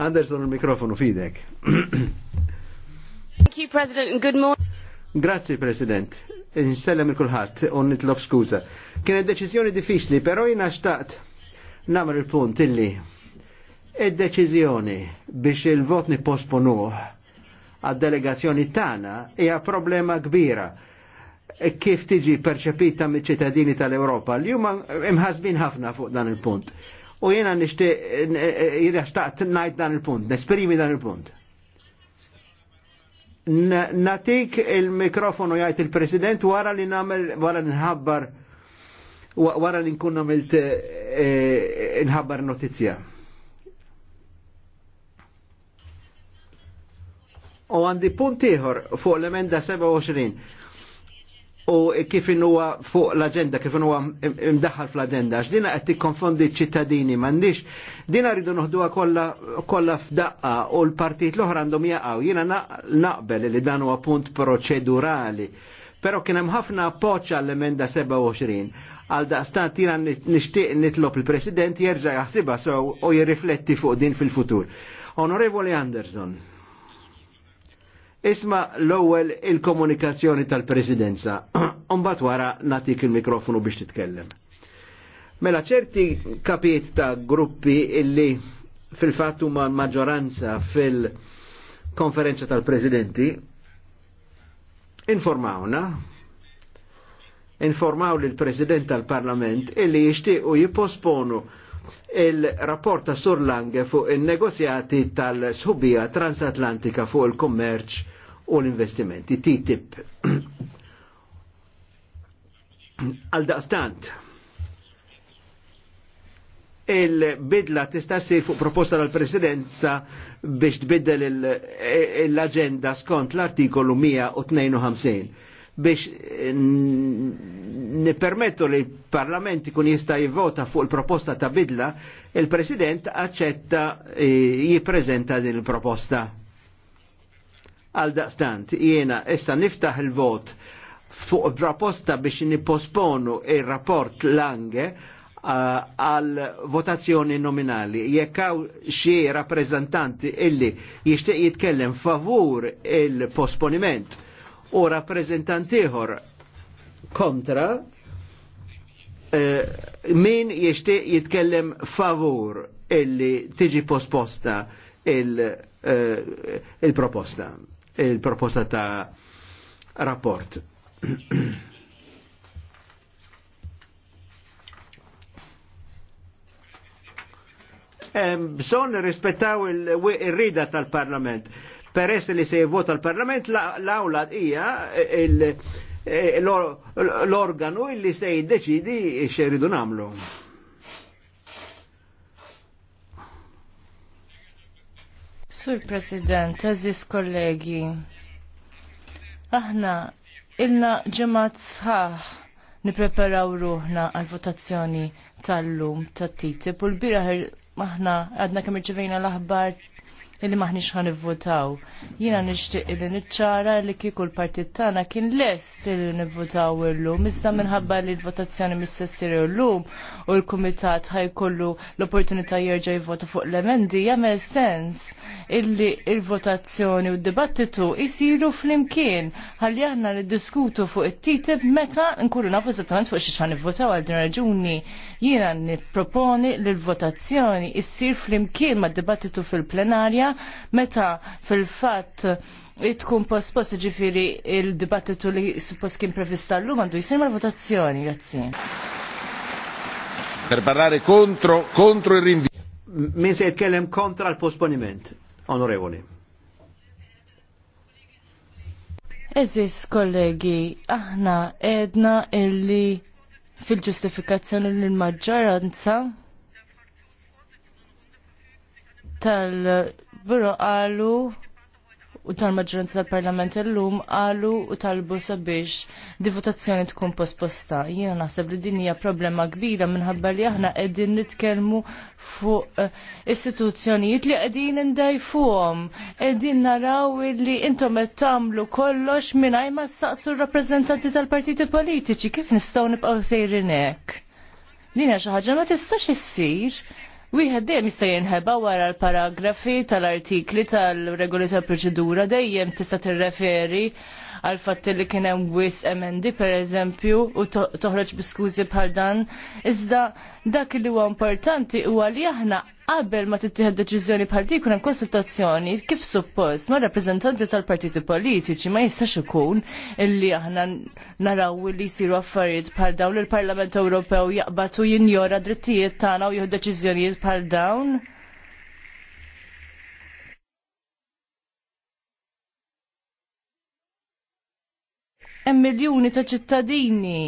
Anderson, il-mikrofonu fidek. Thank you, President, and good morning. Grazie, President. Nsellem il-kulħat, un nitlob skuza. Kienet deċizjoni diffiċli, pero jina xtaqt namr il-punt illi id-deċizjoni biex il-vot niposponuħ għad-delegazzjoni tana hija problema kbira kif tiġi perċepita mill ċittadini tal-Europa. Li huma imħasbin ħafna fuq dan il-punt u jena nishti jirraċtaqt najt dan il-punt, nesprimi dan il-punt. Natik il-mikrofonu jajt il-president wara li namel, wara li nħabbar, wara li nkun namilt eh, eh, nħabbar notizja. U għandi punt iħor fuq l-emenda 27 u kif huwa fuq l-agenda, kif huwa mdaħħal fl-agenda, x'dina qed tikkonfondi ċ-ċittadini m'għandix, dina rridu noħduha kollha f'daqqa u l-partit l-oħra għandhom jaqgħu. Jiena naqbel li dan huwa punt proċedurali. Però kien hemm ħafna appoġġ għall-emenda 27 għal daqstan tira nishtiq nitlob il-President jerġa' jaħsiba so u jirrifletti fuq din fil-futur. Onorevoli Anderson. Isma l-ewwel il-komunikazzjoni tal-Presidenza. Umbat wara natik il-mikrofonu biex titkellem. Mela ċerti kapiet ta' gruppi illi fil-fatt huma maġġoranza fil-konferenza tal-Presidenti informawna informaw lill president tal-Parlament illi jixtiequ jipposponu il-rapport ta' Sur Lange fuq il-negozjati tal-sħubija transatlantika fuq il-kommerċ u l-investimenti, TTIP. Għal-daqstant, il-bidla tista' ssir fuq proposta tal-Presidenza biex tbiddel l-agenda skont l-artikolu 152 biex nipermettu li l-Parlament ikun jista' jivvota fuq il-proposta ta' bidla, il-President aċċetta eh, jippreżenta din il-proposta. Għal daqstant, jiena issa niftaħ il-vot fuq il proposta biex nipposponu il-rapport Lange eh, għal votazzjoni nominali. Jekk xie xi illi jishtiq jitkellem favur il-posponiment u rappresentantiħor kontra, eh, min jishtiq jitkellem favur illi tiġi posposta eh, il-proposta, il-proposta ta' rapport. Eh, Bżon rispettaw il-rida tal-parlament. Peress li se jivvota l-parlament, l-awla hija il- l-organu illi se jiddeċidi xeridu namlu. Sur President, eżis kollegi, aħna ilna ġemat sħaħ nipreparaw ruħna għal-votazzjoni tal-lum tat-TTIP u l-biraħ aħna għadna kemm irċevejna l-aħbar li maħniex ħan nivvotaw. Jiena nixtieq li niċċara li kieku l-partit tagħna kien lest li nivvotaw illum, iżda minħabba li l-votazzjoni mis-sessir illum u l-kumitat ħajkollu l-opportunità jerġa' jivvota fuq l-emendi jagħmel sens illi l-votazzjoni u d-dibattitu jsiru flimkien ħalli aħna diskutu fuq it-titib meta nkunu nafu esattament fuq xi ħan nivvotaw għal din raġuni jiena nipproponi li l-votazzjoni issir flimkien mad-dibattitu fil-plenarja fil meta fil fat tkun post-post ġifiri il-dibattitu li suppost kien prevista l-lum għandu jisim mal-votazzjoni, grazzi. Per parlare contro, contro il rinvio. Min se jitkellem kontra l-posponiment, onorevoli. Eżis, kollegi, aħna edna illi fil-ġustifikazzjoni l-maġġoranza tal- il għalu u tal-maġġoranza tal-Parlament illum għalu u talbu sabiex di votazzjoni tkun posposta. Jiena naħseb li din hija problema kbira minħabba li aħna qegħdin nitkellmu fuq eh, istituzzjonijiet li qegħdin indajfuhom. Qegħdin naraw li intom qed tagħmlu kollox mingħajr ma s-saqsu r-rappreżentanti tal-partiti politiċi kif nistgħu nibqgħu sejrin hekk. Din hija xi ħaġa ma tistax issir Wieħed dejjem jista' jinħeba wara l-paragrafi tal-artikli tal-regoli tal-proċedura dejjem tista' tirreferi għal fatti li kien hemm wis per pereżempju u toħroġ biskużi bħal dan. Iżda dak li huwa importanti huwa li aħna qabel ma tittieħed deċiżjoni bħal dik hemm konsultazzjoni kif suppost ma' rappreżentanti tal-partiti politiċi ma jistax ikun illi aħna naraw li jsiru affarijiet bħal dawn il-Parlament Ewropew jaqbatu jinjora drittijiet tagħna u jieħu deċiżjonijiet bħal dawn. hemm miljuni ta' ċittadini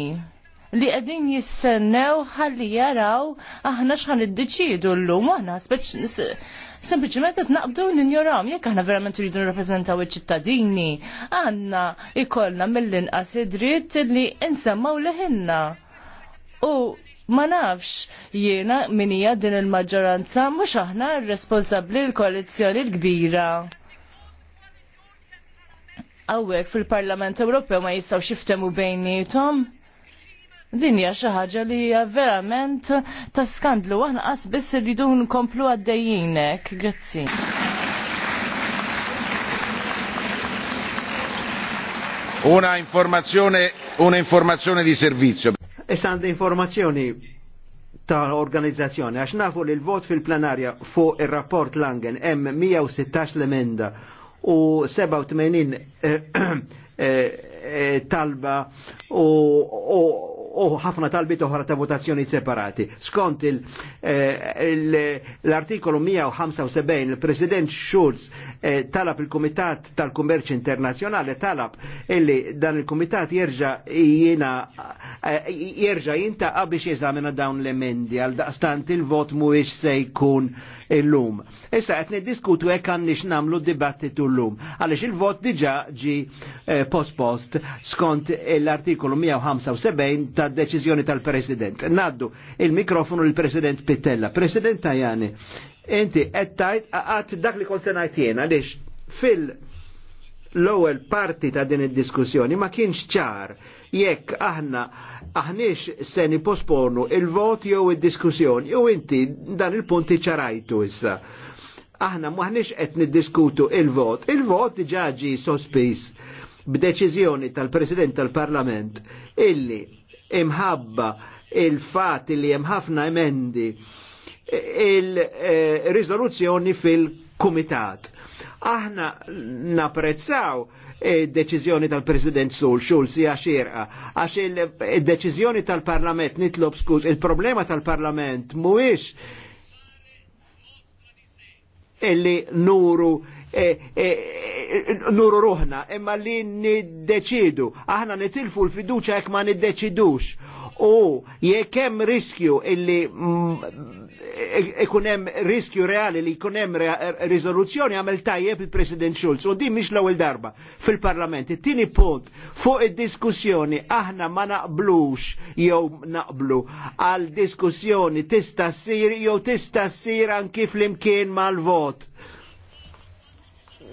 li qegħdin jistennew ħalli jaraw aħna x'ħan iddeċiedu llum aħna sempliċement qed naqbdu ninjoraw jekk aħna verament iridu nirrappreżentaw iċ-ċittadini għandna ikollna mill-inqas id-dritt li insemmaw leħinna. U ma nafx jiena minija din il-maġġoranza mhux aħna r-responsabbli l-koalizzjoni l-kbira għawek fil-Parlament Ewropew ma jistaw xiftemu bejni Din hija xi ħaġa li hija verament ta' skandlu aħna qas biss irridu nkomplu għaddejjinek. Grazzi. Una informazione, una informazione di servizio. Esand informazzjoni ta' organizzazzjoni, għax nafu li l-vot fil-planarja fuq ir-rapport Langen hemm 116 l-emenda u 87 eh, eh, eh, talba u ħafna talbi oħra ta' votazzjoni separati. Skont l-artikolu 175, il-President Schulz talab il-Komitat tal-Kummerċ Internazjonali talab illi dan il-Komitat jerġa jiena jerġa jinta biex jeżamina dawn l-emendi għal daqstant il-vot mhuwiex se jkun illum. Issa qed niddiskutu hekk għandniex nagħmlu dibattitu llum għaliex il-vot diġà ġi eh, post-post skont l-artikolu 175 tad-deċiżjoni tal-President. Naddu il-mikrofonu l-President Pittella. President Tajani, inti qed tajt għat dak li kont se ngħid għaliex fil- l-ewwel parti ta' din id-diskussjoni ma kienx ċar jekk aħna aħniex se niposponu il-vot jew id-diskussjoni, jew inti dan il-punti ċarajtu issa. Aħna maħniex qed niddiskutu il-vot, il-vot ġaġi sospis b'deċiżjoni tal-President tal-Parlament illi imħabba il-fat illi hemm ħafna emendi il-riżoluzzjoni eh, fil-Kumitat Aħna napprezzaw id-deċiżjoni eh, tal-President Sul xul si għaxirqa, għax id-deċiżjoni eh, tal-Parlament nitlob skuż il-problema tal-Parlament mhuwiex illi nuru E, e, e, nuru ruħna, imma li niddeċidu. Aħna nitilfu l-fiduċa jekk ma niddeċidux u jekk hemm riskju illi mm, e-, ikun hemm riskju reali li jkun hemm riżoluzzjoni għamel tajjeb il-President Schulz u din mish l-ewwel darba fil-Parlament. It-tieni punt fuq id-diskussjoni aħna ma naqblux jew naqblu għal diskussjoni tista' ssir jew tista' ssir anki flimkien mal-vot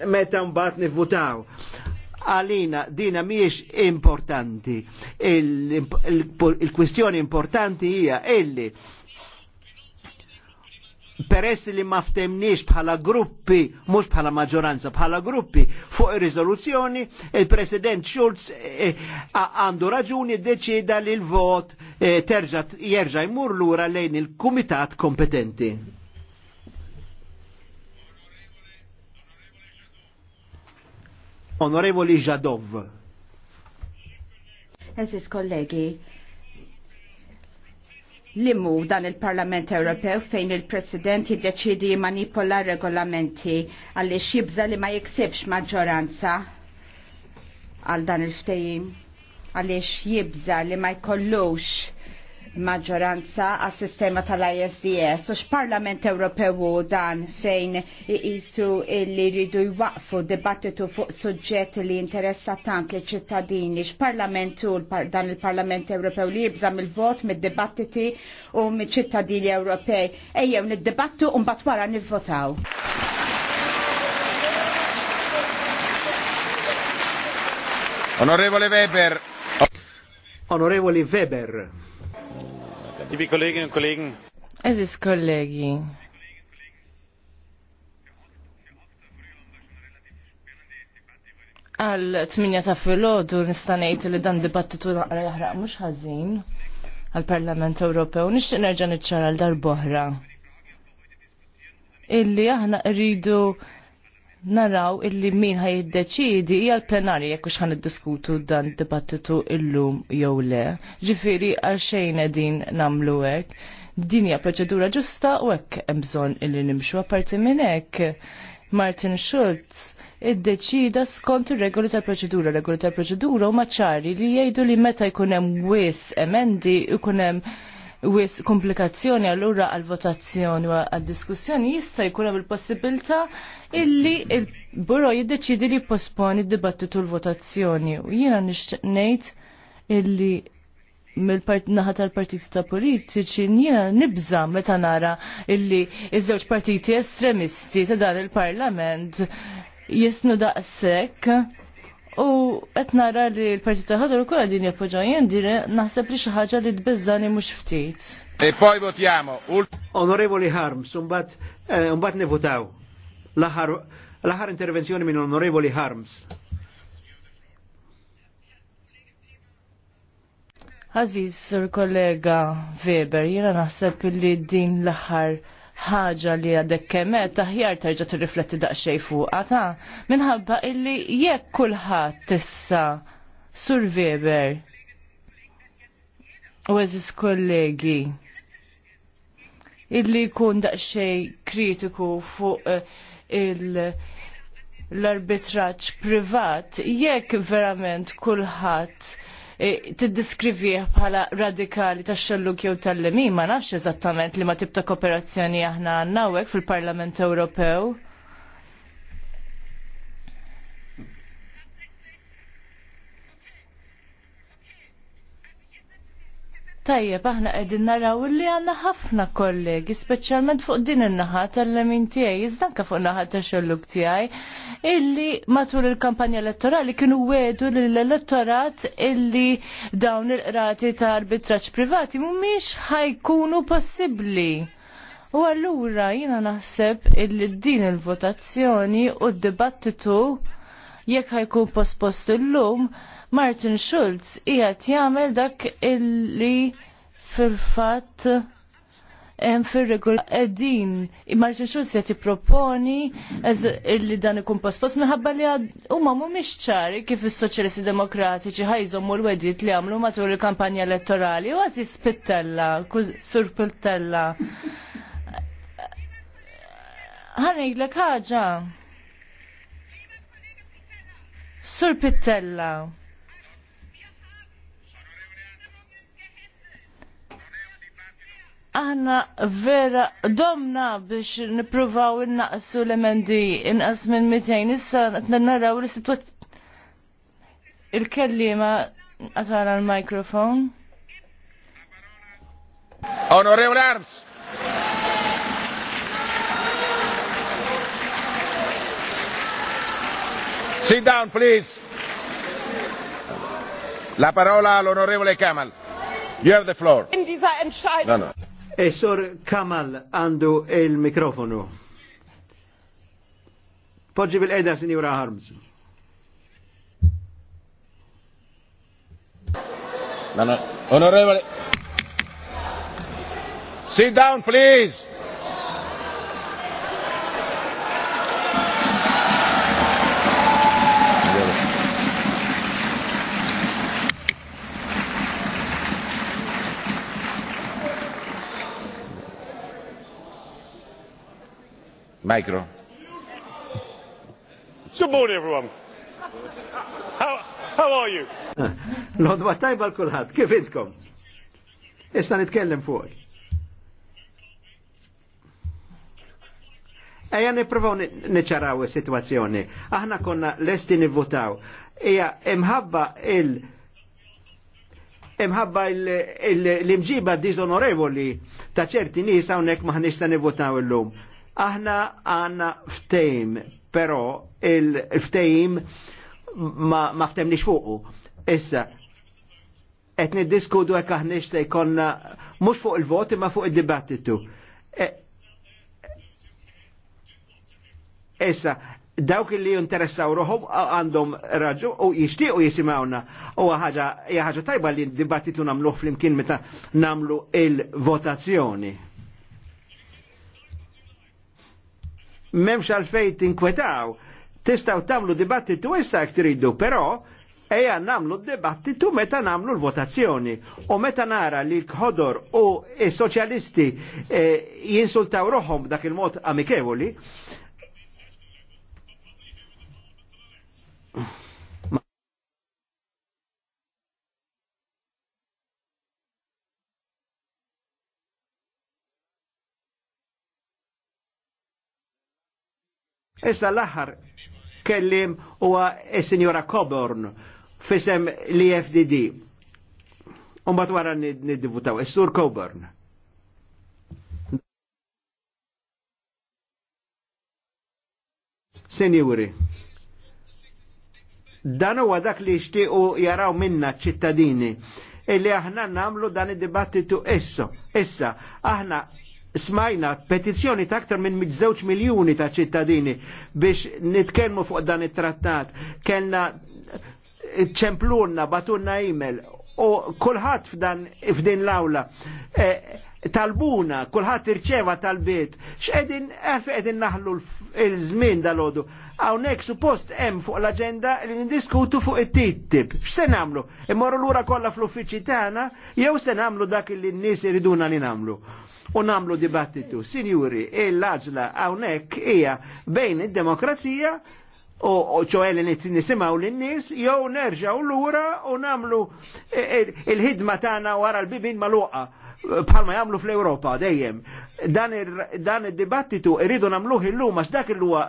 meta mbagħad nivvutaw għalina dina miex importanti. Il-kwistjoni importanti hija illi peress li ma bħala gruppi, mhux bħala maġġoranza, bħala gruppi fuq il riżoluzzjoni il-President Schulz eh, għandu eh, raġuni deċida li l-vot eh, terġa' jerġa' jmur lura lejn il-kumitat kompetenti. Onorevoli Jadov. Eżis kollegi, l-immu dan il-Parlament Ewropew fejn il-President jiddeċidi manipola regolamenti għalli xibza li ma jiksibx maġġoranza għal dan il-ftejim għalli jibza li ma jkollux maġġoranza għas sistema tal-ISDS u x-Parlament Ewropew dan fejn jisu li rridu jwaqfu dibattitu fuq suġġett li interessa tant li ċittadini x-Parlament u dan il-Parlament Ewropew li jibżam il-vot mid-dibattiti u mid-ċittadini Ewropej ejjew nid-dibattu un batwara wara nivvotaw. Onorevole Weber. Onorevoli Weber. Liebe Kolleginnen und Kollegen. Eżis kollegi. Għal 8 ta' filgħodu nista' ngħid li dan dibattitu naqra jaħraq mhux ħażin għal-Parlament Ewropew nixtieq nerġa' niċċara l darboħra. Illi aħna rridu naraw illi min ħaj jiddeċidi hija l-plenarja jekk x'ħan diskutu dan dibattitu illum jew le. Ġifieri għal xejn qegħdin nagħmlu hekk. Din hija proċedura ġusta u hekk hemm bżonn illi nimxu apparti minn hekk. Martin Schulz iddeċida skont ir-regoli tal-proċedura. Regoli tal-proċedura huma ċari li jgħidu li meta jkun hemm wis emendi jkun hemm wis komplikazzjoni allura għal-votazzjoni u għal-diskussjoni jista' jkun hemm il-possibilità illi il-buro jiddeċidi li posponi d-dibattitu l-votazzjoni. U jiena nixtieq ngħid illi mill-naħa tal-partiti ta' politiċi jiena nibża meta nara illi iż-żewġ partiti estremisti ta' dan il-Parlament jisnu daqshekk U qed nara li l partita ħadu ħodor ukoll din jappoġġaw jien din naħseb li xi ħaġa li tbiżani mhux ftit. E poi votiamo. Onorevoli Harms, imbagħad imbagħad eh, nivutaw. L-aħħar intervenzjoni minn Onorevoli Harms. Aziz, sir kollega Weber, jena naħseb li din l-aħħar ħaġa li għadek kemet aħjar terġa tirrifletti daqsxej fuqha ta' minħabba illi jekk kulħadd tissa Sur Weber u eżis kollegi illi jkun daqsxej kritiku fuq eh, il- l-arbitraċ privat jekk verament kulħadd E, tiddiskrivih bħala radikali tax-xellug jew tal-lemin, ma nafx eżattament li ma tibta kooperazzjoni aħna għandna fil-Parlament Ewropew. Tajjeb, aħna qegħdin naraw li għandna ħafna kollegi, speċjalment fuq din in-naħa tal-lemin tiegħi, iżda fuq naħa ta' xelluk tiegħi, illi matul il-kampanja elettorali kienu wedu lill-elettorat illi dawn il-qrati ta' arbitraġġ privati mhumiex ħajkunu possibbli. U allura jiena naħseb illi din il-votazzjoni u d-dibattitu jekk ħajkun pospost illum lum Martin Schulz qiegħed jagħmel dak illi fil-fatt hemm fir-regola qegħdin. Martin Schulz qed jipproponi illi dan ikun pospos minħabba li huma mhumiex ċari kif is-Soċjalisti Demokratiċi ħajżom u l wedit li għamlu matul il-kampanja elettorali u għazis Pittella, Sur Pittella. Ħanejlek ħaġa. Sur Pittella. aħna vera domna biex nipruvaw innaqsu l-emendi inqas minn 200 issa naraw li situazzjoni il-kellima għatara l-mikrofon. Onorevole Arms! Sit down, please. La parola all'onorevole Kamal. You have the floor. In dieser Entscheidung. No, no. E sor Kamal għandu il-mikrofonu. Poġġi bil-qeda, Sinjura Harms. Onorevole. Sit down, please. Micro. Good morning, everyone. How, how are you? L-ħodwa tajba l-kulħat, kif intkom? Issa nitkellem fuq. Eja niprofaw neċaraw il-situazzjoni. Aħna konna lesti nivvotaw. Eja imħabba il- imħabba il imġiba dizonorevoli ta' ċerti nisa unnek maħnista nivvotaw il-lum. Aħna għanna ftejm, pero il-ftejm ma, ma ftemniex fuqu. Issa, etni diskudu għek aħniex se jkonna, mhux fuq il voti ma fuq id-dibattitu. E, issa, dawk li jinteressaw ruħom għandhom raġu u u jisimawna. U ħaġa tajba li dibattitu namluħ fl-imkien meta namlu il-votazzjoni. memx għalfej tinkwetaw. Tistaw tamlu dibattitu issa jek tridu, però eja namlu dibattitu meta namlu l-votazzjoni. U meta nara li l-ħodor u s-soċjalisti e, jinsultaw roħom dak il-mod amikevoli, Issa l-aħħar kellim huwa s-Sinjora Coburn fisem l-IFDD. Umbat wara nid-divutaw, is-Sur Coburn. Senjuri, dan huwa dak li jixtiequ jaraw minna ċittadini illi aħna namlu dan id-dibattitu esso. Issa, aħna smajna petizjoni ta' aktar minn mizzewċ miljoni ta' ċittadini biex nitkelmu fuq dan it-trattat. Kellna eh, ċemplurna, batunna e-mail u kullħat f'dan f'din l-awla eh, talbuna, kullħat irċeva tal-bit, x'edin eh, għaf edin naħlu l-żmien dal-ħodu. Għawnek suppost hemm fuq l-agenda li nindiskutu fuq it-tittib. X'se namlu? Immorru l-ura kollha fl-uffiċċji tagħna jew se namlu dak li n-nies iriduna li namlu u namlu dibattitu. Sinjuri, l laġla hawnhekk hija bejn id-demokrazija u ċoħel li nisimaw l-nis, jow nerġaw l-ura u namlu e, e, il-ħidma tana wara l-bibin maluqa bħalma jamlu fl-Europa dejjem. Dan il-dibattitu irridu namluħ il-lum għax dak il-luwa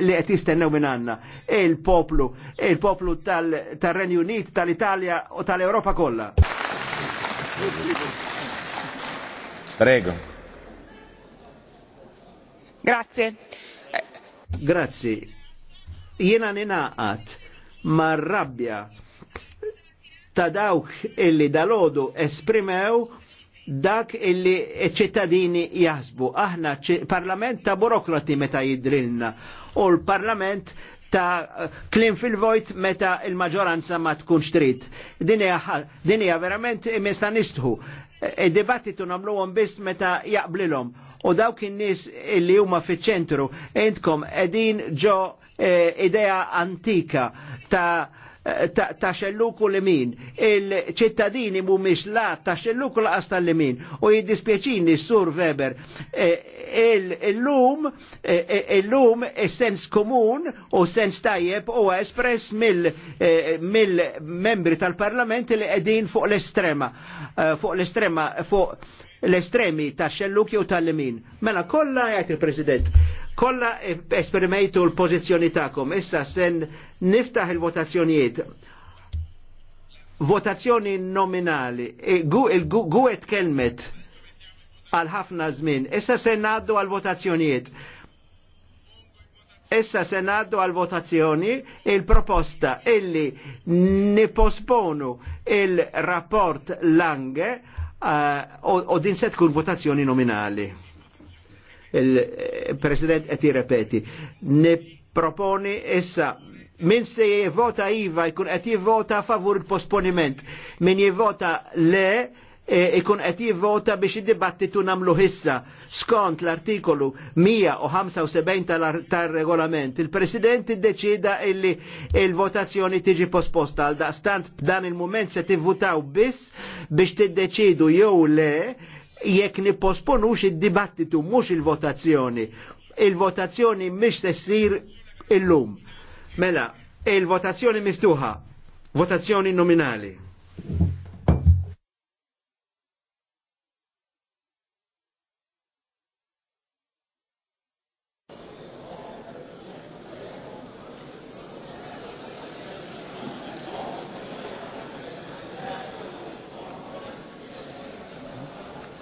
li qed jistennew minn għandna. Il-poplu, il-poplu tal-Renju Unit, tal-Italja u tal-Europa kollha. Grazie. Grazzi. Jiena ninaqat ma' rabbja ta' dawk illi dalodu esprimew dak illi ċittadini jaħsbu. Aħna parlament ta' burokrati meta jidrilna u l-parlament ta' klim fil-vojt meta il-maġoranza ma tkunx trid. Din hija verament imesta nistħu id-dibattitu eh, għom biss meta jaqblilhom. U dawk in-nies li huma fiċ-ċentru intkom qegħdin ġo eh, idea antika eh, ta' ta', xelluku li min, il-ċittadini mix la ta' xelluku la' asta li min, u jiddispieċini sur Weber, il-lum, il-lum sens komun u sens tajjeb u espress mill-membri tal-parlament li edin fuq l-estrema. Eh, fuq l-estrema fuq l-estremi ta' xelluk jew tal-limin. Mela kollha jgħid il-President, kollha esperimentu l-pożizzjoni tagħkom. Issa sen niftaħ il-votazzjonijiet. Votazzjoni nominali. E, Il-guet kelmet għal ħafna żmien. Issa se ngħaddu għal votazzjonijiet. Essa se naddu għal votazzjoni il-proposta illi niposponu il-rapport Lange uh, o, o din se tkun votazzjoni nominali. Il-President eh, e repeti, ne proponi issa min se jivvota iva jkun qed jivvota favur il-posponiment. Min jivvota le E, ikun e, qed jivvota biex id-dibattitu namlu issa skont l-artikolu 175 tal-regolament. Il-President iddeċida illi il-votazzjoni tiġi posposta għal daqstant b'dan il-moment se tivvutaw biss biex tiddeċidu jew le jekk nipposponux id-dibattitu mhux il-votazzjoni. Il-votazzjoni mhix se ssir illum. Mela, il-votazzjoni miftuħa, votazzjoni nominali.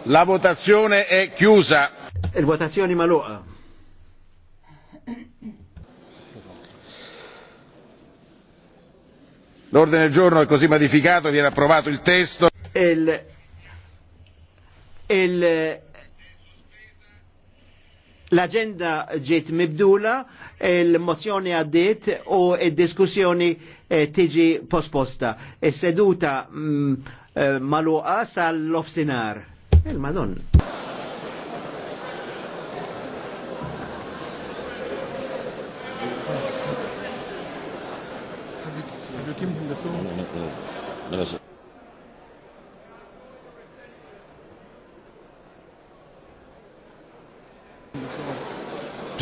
La votazione è chiusa. il L'ordine del giorno è così modificato, viene approvato il testo. Il, il, l-agenda ġiet mibdula, il-mozzjoni għaddiet u il-diskussjoni eh, tiġi posposta. E seduta mm, eh, maluqa sal-lofsinar. Il-Madonna.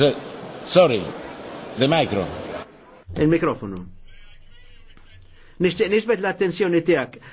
Eh, sorry, the micro. Il-mikrofonu. Nixtieq nixbet l-attenzjoni tijak.